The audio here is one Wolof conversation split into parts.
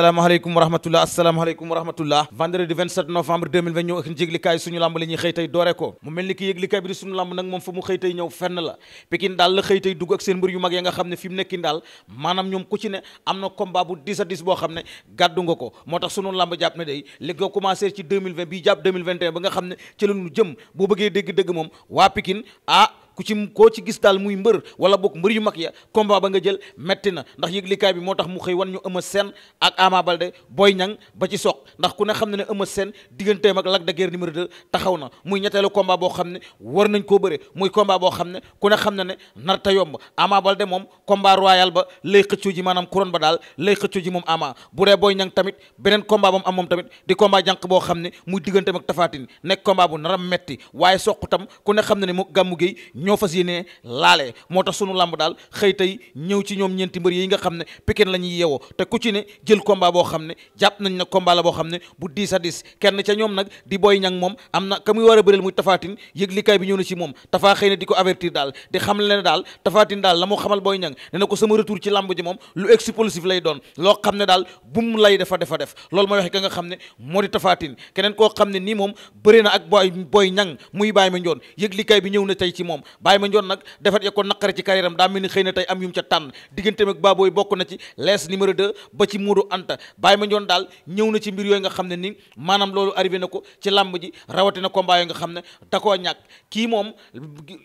asalaamaaleykum wa rahmatullah vendredi novembre ñëw ak yëglikaay suñu lamb la ñuy doore ko mu mel ni ki yëglikaay bi di suñu lamb nag moom fa mu xëy ñëw fenn la Pikine daal la xëy dugg ak seen mbër yu mag ya nga xam ne fi nekkin daal maanaam ñoom ku ci ne am na combat bu 10 a 10 boo xam ne gàddu nga ko moo tax suñu lamb jàpp ne day li nga ci bii jàpp ba nga xam ne ci jëm boo bëggee dégg-dégg moom waa Pikine ah ku ci koo ci gis daal muy mbër wala boog mbër yu mag ya combat ba nga jël metti na ndax yëglikaay bi moo tax mu xëy wan ñu Eumeu Sène ak Ama Baldé Boy Niang ba ci soq ndax ku ne xam ne ne Eumeu Sène digganteem ak Lac de Guiers numéro 2 taxaw na muy ñetteelu combat boo xam ne war nañ koo bëre muy combat boo xam ne ku ne xam ne ne narta yomb Ama Baldé moom combat royal ba lay xëccoo ji maanaam couronne ba daal lay xëccoo ji moom Ama bu dee Boy Niang tamit beneen combat ba mu am moom tamit di combat jànq boo xam ne muy digganteem ak Tapha Tine nekk combat bu naram metti waaye soq tam ku ne xam ne noo fas yéene laale moo tax sunu làmb daal xëy tey ñëw ci ñoom ñeenti mbër yi nga xam ne Pikine la ñuy yeewoo te ku ci ne jël combat boo xam ne jàpp nañ ne combat la boo xam ne bu diis a kenn ca ñoom nag di Boy Niang moom am na ka muy war a bëreel muy tafaatin yëglikaay bi ñëw na ci moom tafaa xëy na di ko avertir daal di xam leen daal tafaatin daal la moo xamal booy Niang ne ko sama retour ci làmb ji moom lu explosif lay doon loo xam ne daal bum lay dafa defa def loolu mooy waxe ka nga xam ne moo di tafaatin keneen koo xam ne nii moom bëri na ak booy booy Niang muy Baye Mandione yëglikaay bi ñëw na tey ci moom baay ma Mandione nag defet ya ko naqare ci carrière am daa mel ni xëy na tey am yum ca tànn digganteem ak Baboy bokk na ci lees numéro 2 ba ci Modou Anta Baye Mandione daal ñëw na ci mbir yooyu nga xam ne ni maanaam loolu arrivé na ko ci làmb ji rawatina combat yooyu nga xam ne da koo ñàkk kii moom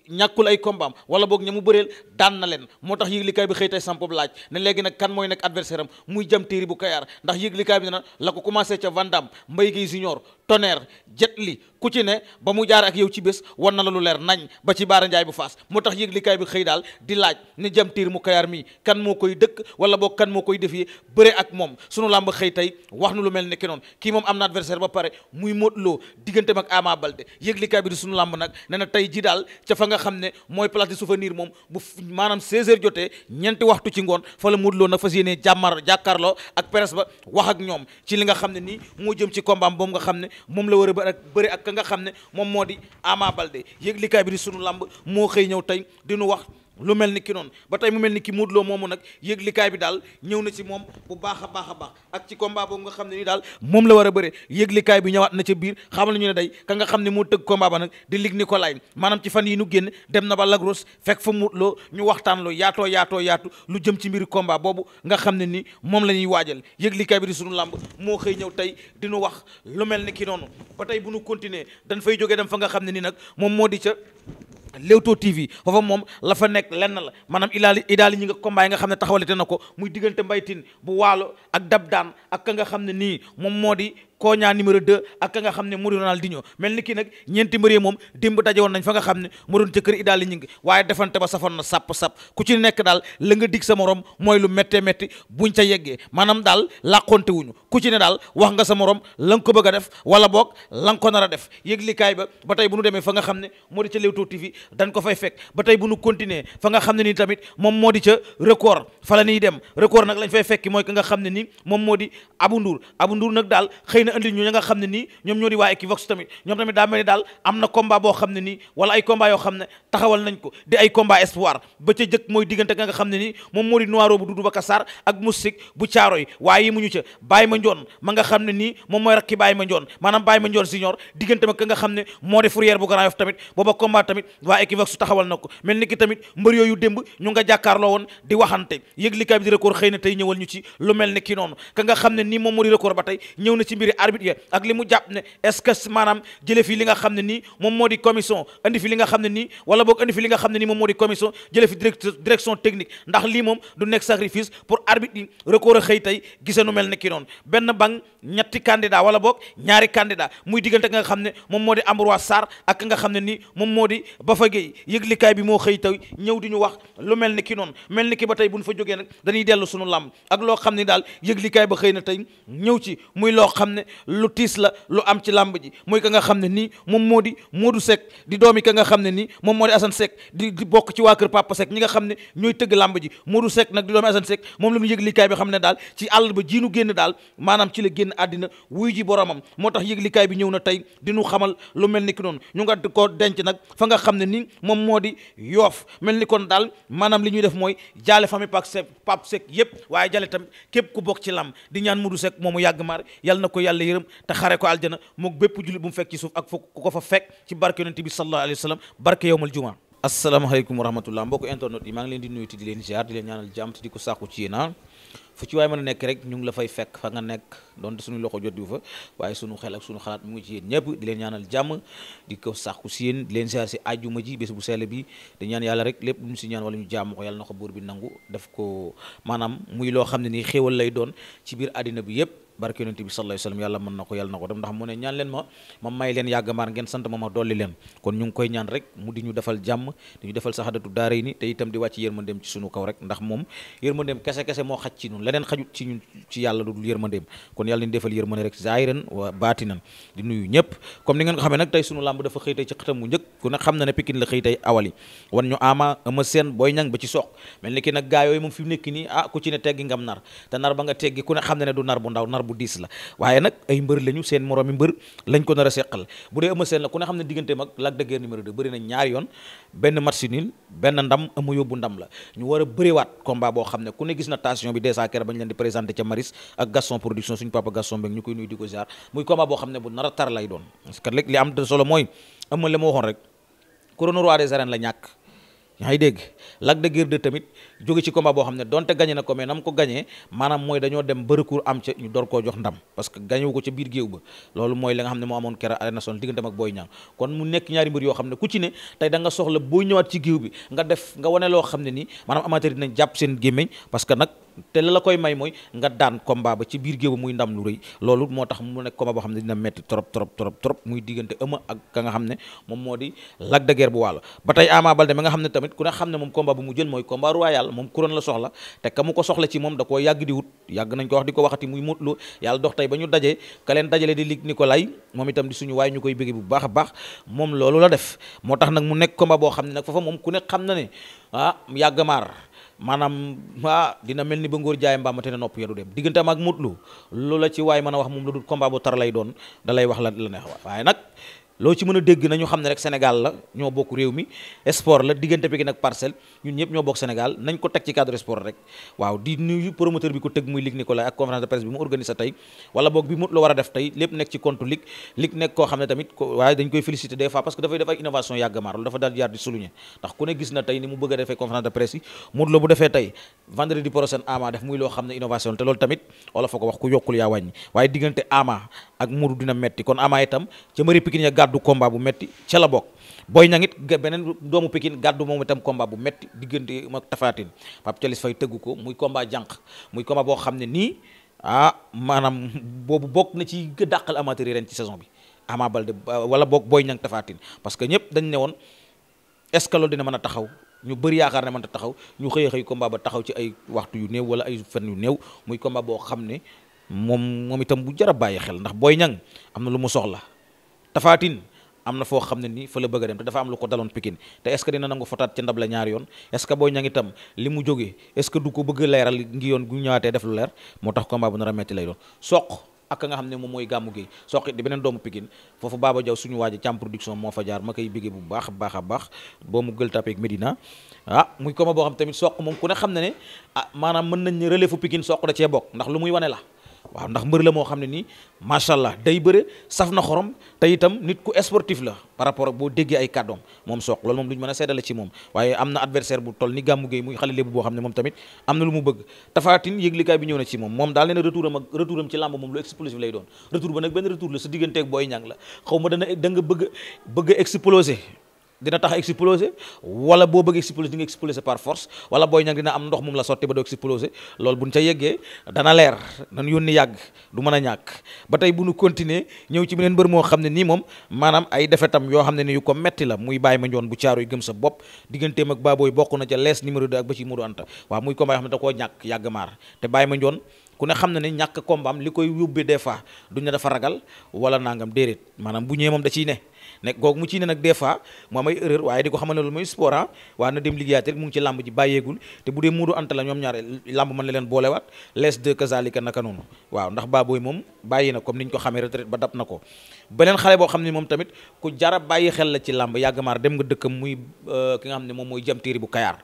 ñàkkul ay combat am wala boog ña mu bëreel daan na leen moo tax yëglikaay bi xëy tey sampob laaj ne léegi nag kan mooy nekk adversaire am muy jam téeri bu kayaar ndax yëglikaay bi na la ko commencé ca Vandam Mbaye Guèye Junior tonnerre jet li ku ci ne ba mu jaar ak yow ci bés wan na la lu leer nañ ba ci baara njaay bu faas moo tax yëglikaay bi xëy daal di laaj ni jam mu kayaar mii kan moo koy dëkk wala boo kan moo koy defee bëre ak moom sunu làmb xëy tey wax nu lu mel ni ki noonu kii moom am na adversaire ba pare muy Modou diggante digganteem ak Ama Baldé yëglikaay bi di sunu làmb nag ne na tey ji daal ca fa nga xam ne mooy place du souvenir moom bu maanaam 16 jotee ñeenti waxtu ci ngoon fa la Modou Lo nag fas jàkkaarloo ak presse ba wax ak ñoom ci li nga xam ne nii moo jëm ci combat boobu nga xam ne moom la war a bëri ak bëri ak ka nga xam ne moom moo di Ama Baldé yëglikaay bi di sunu làmb moo xëy ñëw tey di nu wax lu mel ni ki noonu ba tey mu mel ni ki Modou loo moomu nag yëglikaay bi daal ñëw na ci moom bu baax a baax a baax ak ci combat boobu nga xam ne ni daal moom la war a bëre yëglikaay bi ñëwaat na ca biir xamal ñu ne day ka nga xam ne moo tëgg combat ba nag di lig Nicolas maanaam ci fan yi nu génn dem na ba Lagros fekk fa Modou Lo ñu waxtaan lu yaatoo yaatoo yaatu lu jëm ci mbiri combat boobu nga xam ne ni moom la ñuy waajal yëglikaay bi di sunu làmb moo xëy ñëw tey di wax lu mel ni ki noonu ba tey bu nu continuer dañ fay jógee dem fa nga xam ne ni nag moom moo di ca Leewtoo TV foofa moom la fa nekk lenn la maanaam idaali idaali ñi nga combat nga xam ne taxawalite na ko muy diggante mbaytin bu waalo ak dab daan ak nga xam ne nii moom moo di ñaa numéro 2 ak ka nga xam ne mu di Ronaldinho mel ni kii nag ñeenti mbër yi moom démb daje woon nañ fa nga xam ne mu doon ca kër Idaali ñi ngi waaye defante ba safoon na sàpp-sàpp ku nekk daal la dig sa morom mooy lu méttee métti buñ ca yeggee maanaam daal làqonte wuñu ku ci ne daal wax nga sa morom la ko bëgg def wala boog la nar a def yëglikaay ba ba tey bu nu demee fa nga xam ne moo di ca Leewtoo TV dañ ko fay fekk ba tey bu nu continuer fa nga xam ne nii tamit moom moo di ca record fa la ñuy dem record nag lañ fay fekki mooy ka nga xam ne nii moom moo di Abou Ndour Abou Ndour nag daal xëy na andi ñu ña nga ñoom ñoo di waa Equivox tamit ñoom tamit daa mel ni daal am na combat boo xam ne nii wala ay combat yoo xam ne taxawal nañ ko di ay combat espoir ba ca jëkk mooy diggante ma nga xam ne nii moom mooy ma ka nga xam ne na ko mel ni ki tamit mbër yooyu démb ñu nga jàkkaarloo woon di waxante yëg li kaay bi di record xëy na tey ñëwal ñu ci nii moom moo di record ba tey ñëw na ci mbiri arbitre ya ak li mu jàpp ne est-ce que maanaam jële fi li nga xam ne nii moom moo di commission indi fi li nga xam ne nii wala boog indi fi li nga xam ne nii moom moo di commission jële direction technique ndax lii moom du nekk sacrifice pour arbitre yi recours a xëy tey gisanu mel ne ki noonu benn bang ñetti candidat wala boog ñaari candidat muy diggante nga xam ne moom moo di Ambroise Sarr ak nga xam ne nii moom moo di Bafa Gueye bi moo xëy tey ñëw di ñu wax lu mel ni ki noonu mel ni ki ba tey buñ fa jógee nag dañuy dellu sunu làmb ak loo xam ne daal yëglikaay ba xëy na tey lu tiis la lu am ci làmb ji muy ka nga xam ne nii moom moo di Modou Seck di doomi ka nga xam ne nii moom moo di Assane di bokk ci waa kër Papa nga xam ne ñooy tëgg làmb ji Modou Seck nag di doomi Assane Seck moom la ñu yëglikaay bi xam ne daal ci àll ba jiinu génn daal maanaam la génn àddina wuy ji moo tax yëglikaay bi ñëw na tey di ñu xamal lu mel ni ki noonu ñu nga ko denc nag fa nga xam ne nii moom moo di yoof mel ni kon daal maanaam li ñuy def mooy jaale famille Papa Seck Papa Seck yëpp waaye jaale tamit képp ku bokk ci làmb di ñaan Modou Seck moomu yàgg maar yàlla na ko yàlla yàlla yërëm te xare ko aljana mook bépp jullit bu mu fekk ci suuf ak fu ku ko fa fekk ci barke yonente bi sallallahu alayhi barke yowmal jumaa asalaamaaleykum wa rahmatullah mbokk internet yi maa ngi leen di nuyu ti di leen ziar di leen ñaanal jàmm di ko sàkku ci yéen ah. nekk rek ñu ngi la fay fekk fa nekk donte suñu loxo jot wu waaye suñu xel ak suñu xalaat mu ngi ci yéen ñëpp di leen ñaanal jàmm di ko sàkku si yéen di leen ziar si àjjuma ji bés bu sell bi di ñaan yàlla rek lépp lu ñu si ñaan wala ñu jàmm ko yàlla na ko buur bi nangu def ko maanaam muy loo xam ne nii xéewal lay doon ci biir àddina bi yëpp barke yonent bi na ko yàlla ndax mu ne ñaan leen ma ma may leen yàgg ngeen sant ma ma dolli leen kon ñu ngi koy ñaan rek mu di ñu defal jàmm di ñu defal saxadatu daara yi ni te itam di wàcc yërmandeem kon yàlla ñu defal yërmande rek zaahiran wa baatinan di nuyu ñëpp comme ni ngeen ko xamee nag tey sunu làmb dafa xëy ci xëtam mu njëkk ku ne xam na ne Pikine la xëy awali wan ñu ama ama seen booy ñang ba ci soq mel ni ki nag gaa yooyu moom fi bu diis la waaye nag ay mbër lañu seen moromi mbër lañ ko nar a seqal bu dee Eumeu Sène la ku ne xam ne diggante mag Lac de numéro 2 bëri na ñaari yoon benn match nul benn ndam ama yóbbu ndam la ñu war a bëriwaat combat boo xam ne ku ne gis na tension bi dèjà kere bañ leen di présenté ca Maris ak Gaston production suñu papa Gaston Mbengue ñu koy nuy di ko ziar muy combat boo xam ne bu nar a lay doon parce que li am solo mooy Eumeu li ma yaa ngi dégg Lac de Guiers tamit jóge ci combat boo xam ne donte gañe na ko mais na ko gagné maanaam mooy dañoo dem ba recours am ca ñu door koo jox ndam parce que gagné ko ca biir géew ba loolu mooy li nga xam ne moo amoon keroog Arène Nationale digganteem ak Boy Niang kon mu nekk ñaari mbir yoo xam ne ku ci ne tey da nga soxla boo ñëwaat ci géew bi nga def nga wane loo xam ne nii maanaam amateur nañ jàpp seen gémmiñ parce que nag te la la koy may mooy nga daan combat ba ci biir géew ba muy ndam lu rëy loolu moo tax mu nekk combat boo xam ne dina metti trop trop trop trop muy diggante Eumeu xam ne moom moo di Lac de bu Waalo ba tey Ama Baldé mi nga xam ne tamit ku ne xam ne moom combat bu mu jël mooy combat royal moom couronne la soxla te ko soxla ci moom da koo yàgg di yàgg nañ ko wax di ko waxati muy Modou Lo yàlla dox ba ñu dajee ka leen dajale di lig Nicolay moom itam di suñu waay ñu koy bëgg bu baax baax moom loolu la def moo tax nag mu nekk combat boo xam ne nag moom ku ne xam na ne ah yàgg maar maanaam ah dina mel ni ba ngóor jaay mbaam te ne nopp ya dem digganteem ak Modou Lo lu la ci waay mën a wax moom lu dul combat bu tar lay doon da wax la la neex waaye nag loo ci mën dégg nañu xam ne rek Sénégal la ñoo bokk réew mi sport la diggante bi nag parcelle ñun ñëpp ñoo bokk Sénégal nañ ko teg ci cadre sport rek waaw di nuyu promoteur bi ko tëg muy Luc Nicolaï ak conférence de presse bi mu organisé tey wala boog bi mu la war a def tey lépp nekk ci compte Luc Luc nekk koo xam ne tamit waaye dañ koy féliciter des fois parce que dafay def innovation yàgg dafa daal di jaar ndax ku ne gis na gàddu combat bu metti ca la bokk Boy Niang it beneen doomu Pikine gàddu moom itam combat bu metti diggante ak Tapha Tine Pape Thialis ko muy combat jànq muy combat boo xam ne nii ah maanaam boobu bokk na ci gë dàqal amateur ci saison bi Ama Baldé wala boog Boy Niang Tapha parce que ñëpp dañ ne woon est-ce que dina mën a taxaw ñu bëri yaakaar ne mën a taxaw ñu xëye xëy combat ba taxaw ci ay waxtu yu néew wala ay fen yu néew muy combat boo xam ne moom moom itam bu jar a bàyyi xel ndax booy Niang am na lu mu soxla tafaatin am na foo xam ne nii fa la bëgg a dem te dafa am lu ko daloon Pikine te est ce que dina nangu fotaat ci ndab la ñaari yoon est ce que booy li mu jógee est du ko bëgg a leeral ngi yoon gu ñëwaatee def lu leer moo tax combat bu nar a metti lay doon soq ak nga xam ne moom mooy gàmmu gi soqi di beneen doomu Pikine foofu Baba Diaw suñu waaji càm production moo fa jaar ma koy bigee bu baax baax a baax boo mu gël tapé Medina ah muy combat boo xam tamit soq moom ku xam ne ne ah, maanaam mën nañ relais fu Pikine bokk ndax lu muy wane la waaw ndax mbër la moo xam ne nii macha allah day bëre saf na xorom te itam nit ku sportif la par rapport boo déggee ay kàddoom moom soq loolu moom lu ñu mën a seddale ci moom waaye am na adversaire bu toll ni gàmmu géey muy xale lébu boo xam ne moom tamit am na lu mu bëgg tafaatin yëglikaay bi ñëw na ci moom moom daal nee na retour am ak retour am ci làmb moom lu explosif lay doon retour ba nag benn retour la sa digganteeg booy ñang la xaw dina tax exploser wala boo bëgg exploser di nga exploser par force wala booy ñang dina am ndox moom la sotti ba doo exploser bu buñ ca yeggee dana leer nan yónni yàgg du mën a ñàkk ba tey bu nu continuer ñëw ci beneen mbër moo xam ne nii moom maanaam ay defetam yoo xam ne ni yu ko metti la muy bàyyi ma njoon bu caaroy gëm sa bopp digganteem ak baabooy bokk na ca lees numéro 2 ak ba mu Modou Anta waa muy combat yoo xam ne da koo ñàkk yàgg maar te bàyyi ma njoon ku ne xam na ne ñàkk combat li koy yóbbee des fois duñ ne dafa ragal wala nangam déedéet maanaam bu ñëwee moom da ciy ne nekk googu mu ciy ne nag des fois mu am waaye di ko xamal ne loolu mooy sport ah waaye na dem liggéeyaat rek mu ci làmb ji bàyyeegul te bu dee muudu anta la ñoom ñaare làmb mën na leen boolewaat les deux kazalika naka noonu waaw ndax baabooy moom bàyyi na comme niñ ko xamee retraite ba dab na ko beneen xale boo xam ne moom tamit ku jara bàyyi xel la ci làmb yàgg maar dem nga dëkkam muy euh, ki nga xam ne moom mooy jamtéeri bu kayaar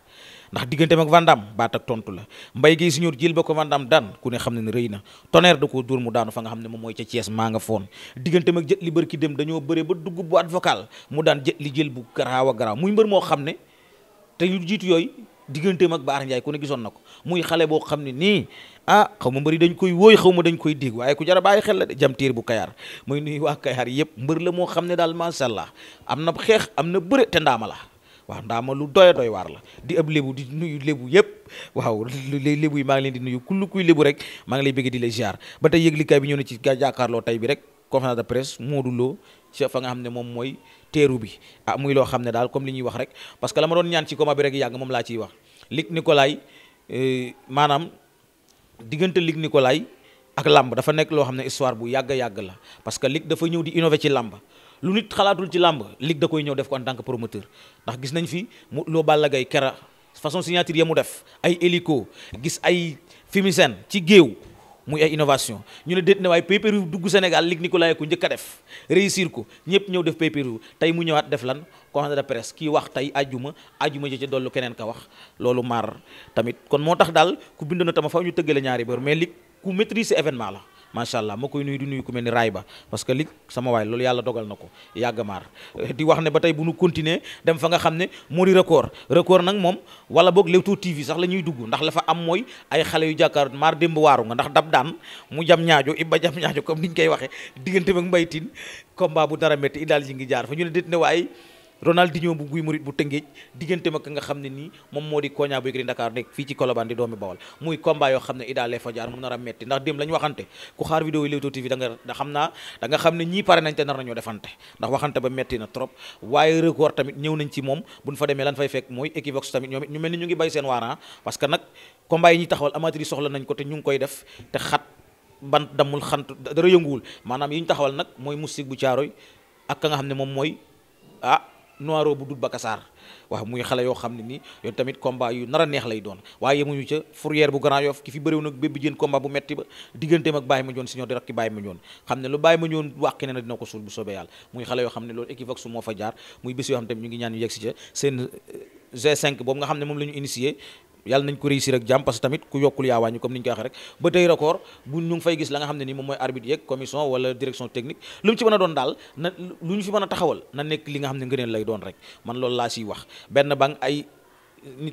ndax digganteem ak Van Damme baat ak tontu la Mbaye Guèye Junior jël ba ko Van daan ku ne xam ne ne rëy na tonnerre da koo dóor mu daanu fa nga xam ne moom mooy ca maa nga foon digganteem ak jët li bër ki dem dañoo bëre ba dugg bu advocal mu daan jët jël bu garaaw a garaaw muy mbër moo xam ne te lu jiitu yooyu digganteem ak Baara Ndiaye ku ne gisoon na ko muy xale boo xam ne nii ah xaw ma mbëri dañ koy wóoy xaw ma dañ koy dégg waaye ku jara bàyyi xel la de jamtiir bu kayaar muy nuy waa kayaar yëpp mbër la moo xam ne daal macha allah am na xeex am na bëre te ndaama waaw ndaa ma lu doy doy waar la di ab lébu di nuyu lébu yëpp waaw lébu yi maa ngi leen di nuyu kullu kuy lébu rek maa ngi lay bëgg di la ziar ba tey yëglikaay bi ñëw na ci jàkkaarloo tey bi rek conférence de presse Modou Lo ci fa nga xam ne moom mooy teeru bi ah muy loo xam ne daal comme li ñuy wax rek parce que la ma doon ñaan ci combat bi rek yàgg moom laa ciy wax Luc Nicolaï euh, maanaam diggante Luc Nicolaï ak làmb dafa nekk loo xam ne histoire bu yàgg yàgg la parce que Luc dafa ñëw di innover ci làmb lu nit xalaatul ci làmb lig da koy ñëw def ko en tant promoteur ndax gis nañ fi mu loo Balla Gaye kera façon signature ya mu def ay hélico gis ay fumigène ci géew muy ay innovation ñu ne déet ne waaye pay per dugg Sénégal lig Nicolas ko njëkk a def réussir ko ñëpp ñëw def pay per tey mu ñëwaat def lan conférence de presse kii wax tey ajjuma ajjuma ji ci dollu keneen ka wax loolu maar tamit kon moo tax daal ku bindoon na a faw ñu tëggale ñaari bër mais lig ku maîtriser événement la macha allah moo koy nuyu di nuyu ku mel ni raay ba parce que li sama waay loolu yàlla dogal na ko yàgg maar eh, di wax ne ba tey bu nu continuer dem fa nga xam ne moo di record record nag moom wala boog Leewtoo TV sax la ñuy dugg ndax la fa am mooy ay xale yu jàkkaar maar démb waaru nga ndax dab daan mu jam ñaajo ibba jam ñaajo comme niñ koy waxee diggante ba mbaytin combat bu dara métti i daal yi ngi jaar fa ñu ne déet ne waaye Ronaldinho bu guy murit bu tëngéej diggante ma nga xam ne nii moom moo di koña bu yëg Dakar nekk fii ci Colobane di doomi Bawol muy combat xam ne idaale fa jaar a metti ndax waxante ku xaar vidéo yi Leewtoo TV da nga nañ te nar bu defante ndax waxante ba metti na trop waaye tamit ñëw nañ ci moom buñ fa demee lan fay fekk mooy Equivox tamit ñoom it ñu mel ni ñu ngi bay seen waaran parce nag combat yi ñuy taxawal amateur soxla nañ ko te ñu ngi koy def te xat ban maanaam yi ñu taxawal nag mooy musique bu caaroy ak ka nga xam ne moom mooy ah noiro bu dut bakasaar waaw muy xale yoo xam ne ni yoon tamit combat yu nar a neex lay doon waaye yemuñu ca fourrière bu Grand Yoff ki fi bëréw nag bébi jën combat bu metti ba digganteem ak Baye Mandione Senior di rakki Baye Mandione xam ne lu Baye Mandione wàqi ne na dina ko suul bu soobee yàlla muy xale yoo xam ne loolu Equivox moo fa jaar muy bés yoo xam tamit ñu ngi ñaan ñu yegg si ca seen euh, G5 boobu nga xam ne moom lañu ñu yàlla nañ ko réussir ak jàmm parce que tamit ku yokkul yaa wàññi comme ni ko waxee rek ba tey record bu ñu ngi fay gis la nga xam ne nii moom mooy arbitre yeeg a doon a taxawal na doon rek man loolu laa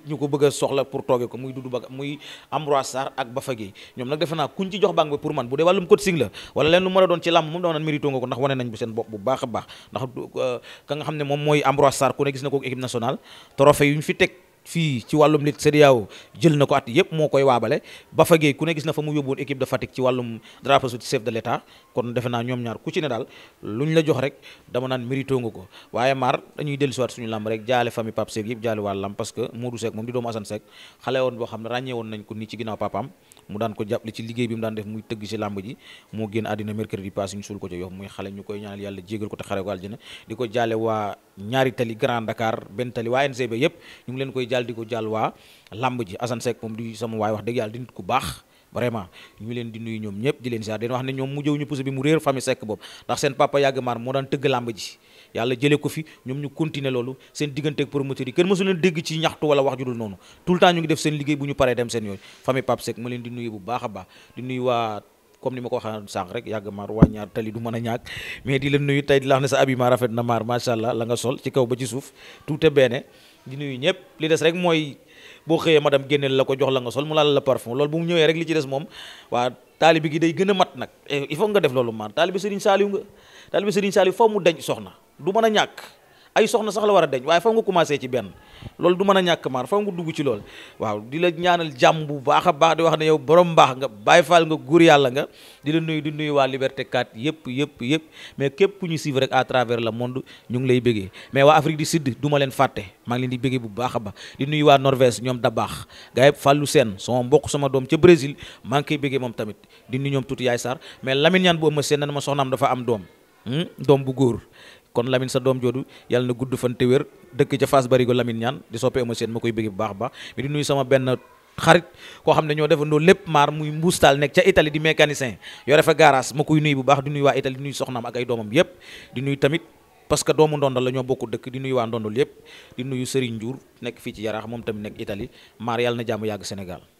ñu ko bëgg a soxla pour tooge ko muy Doudou Baka muy Ambroise Sarr ak ba pour man bu dee wàllum coaching la a doon ci làmb moom dama naan mérito nga ko ndax wane nañ bu seen a baax euh, moom mooy Ambroise Sarr ku ne gis na ko équipe nationale trophée yu ñu fi teg fii ci wàllum lit CEDEAO jël na ko at yëpp moo koy waabale Bafa Gueye ku ne gis na fa mu yóbbuwoon équipe de Fatick ci wàllum drapeau du chef de l'État kon defe naa ñoom ñaar ku ci ne daal luñ la jox rek dama naan mérito nga ko waaye maar dañuy dellusiwaat suñu làmb rek jaale famille Pape Seck yëpp jaale waa làmb parce que Modou Seck moom di doomu Assane Seck xale woon boo xam ne ràññee woon nañ ko nii ci ginnaaw papaam mu daan ko jàppale ci liggéey bi mu daan def muy tëgg ci làmb ji moo génn àddina mercredi passé ñu suul ko ca yof muy xale ñu koy ñaanal yàlla jégal ko te xare ko aljana di ko jaale waa ñaari tali Grand Dakar benn tali waa NCB yëpp ñu ngi leen koy jaal di ko jaal waa làmb ji Assane Seck moom di sama waay wax dëgg yàlla di nit ku baax vraiment ñu leen di nuyu ñoom ñëpp di leen ziar den wax ne ñoom mu ñu pousse bi mu réer famille Seck boobu ndax seen papa yàgg maar moo daan tëgg làmb ji yàlla jële ko fi ñoom ñu continuer loolu seen diggante ak promoteur yi kenn mësu dégg ci ñaxtu wala wax ju dul noonu tout ñu ngi def seen liggéey bu ñu paree dem seen yooyu famille Pape Seck ma leen di nuyu bu baax di nuyu waa comme ni ma ko waxee sànq rek yàgg maar waa ñaar boo xëyee madame génneel la ko jox la nga sol mu laal la parfum loolu bu mu ñëwee rek li ci des moom waa taalibi gi day gën a mat nag eh, il faut nga def loolu man taalibi Serigne Saliou nga taalibi Serigne Saliou faw mu deñ soxna du mën a ñàkk ay soxna sax la war a deñ waaye faw nga commencé ci benn loolu du mën a ñàkk maar faw nga dugg ci lool waaw di la ñaanal jàmm bu baax a baax di wax ne yow borom mbaax nga bàyyi faal nga góor yàlla nga di la nuyu di nuyu waa Liberté 4 yëpp yëpp yëpp mais képp ku ñu suivre rek à travers le monde ñu ngi lay bëggee mais waa Afrique du Sud du ma leen fàtte maa ngi leen di bëggee bu baax a baax di nuyu waa Norvège ñoom da baax gaa yëpp fàllu seen ma mbokk sama doom ca Brésil maa ngi koy bëggee moom tamit di nuyu ñoom tuuti yaay Sarr mais Lamine ñaan bu ëmma seen nan ma soxnaam am doom hmm? kon Lamine sa doom joodu yàlla na gudd fan te wér dëkk ca Fass Barigo Lamine ñaan di soppe ama seen ma koy bëgg bu baax a baax mais di nuyu sama benn xarit koo xam ne ñoo defandoo lépp maar muy mbuustal nekk ca itali di mécanicien yore fa garage ma koy nuyu bu baax di nuyu waa Italie di nuyu soxnaam ak ay doomam yëpp di nuyu tamit parce que doomu ndondol la ñoo bokk dëkk di nuyu waa ndondol yëpp di nuyu Serigne Ndiour nekk fii ci Yaraax moom tamit nekk itali maar yàlla na jàmm yàgg Sénégal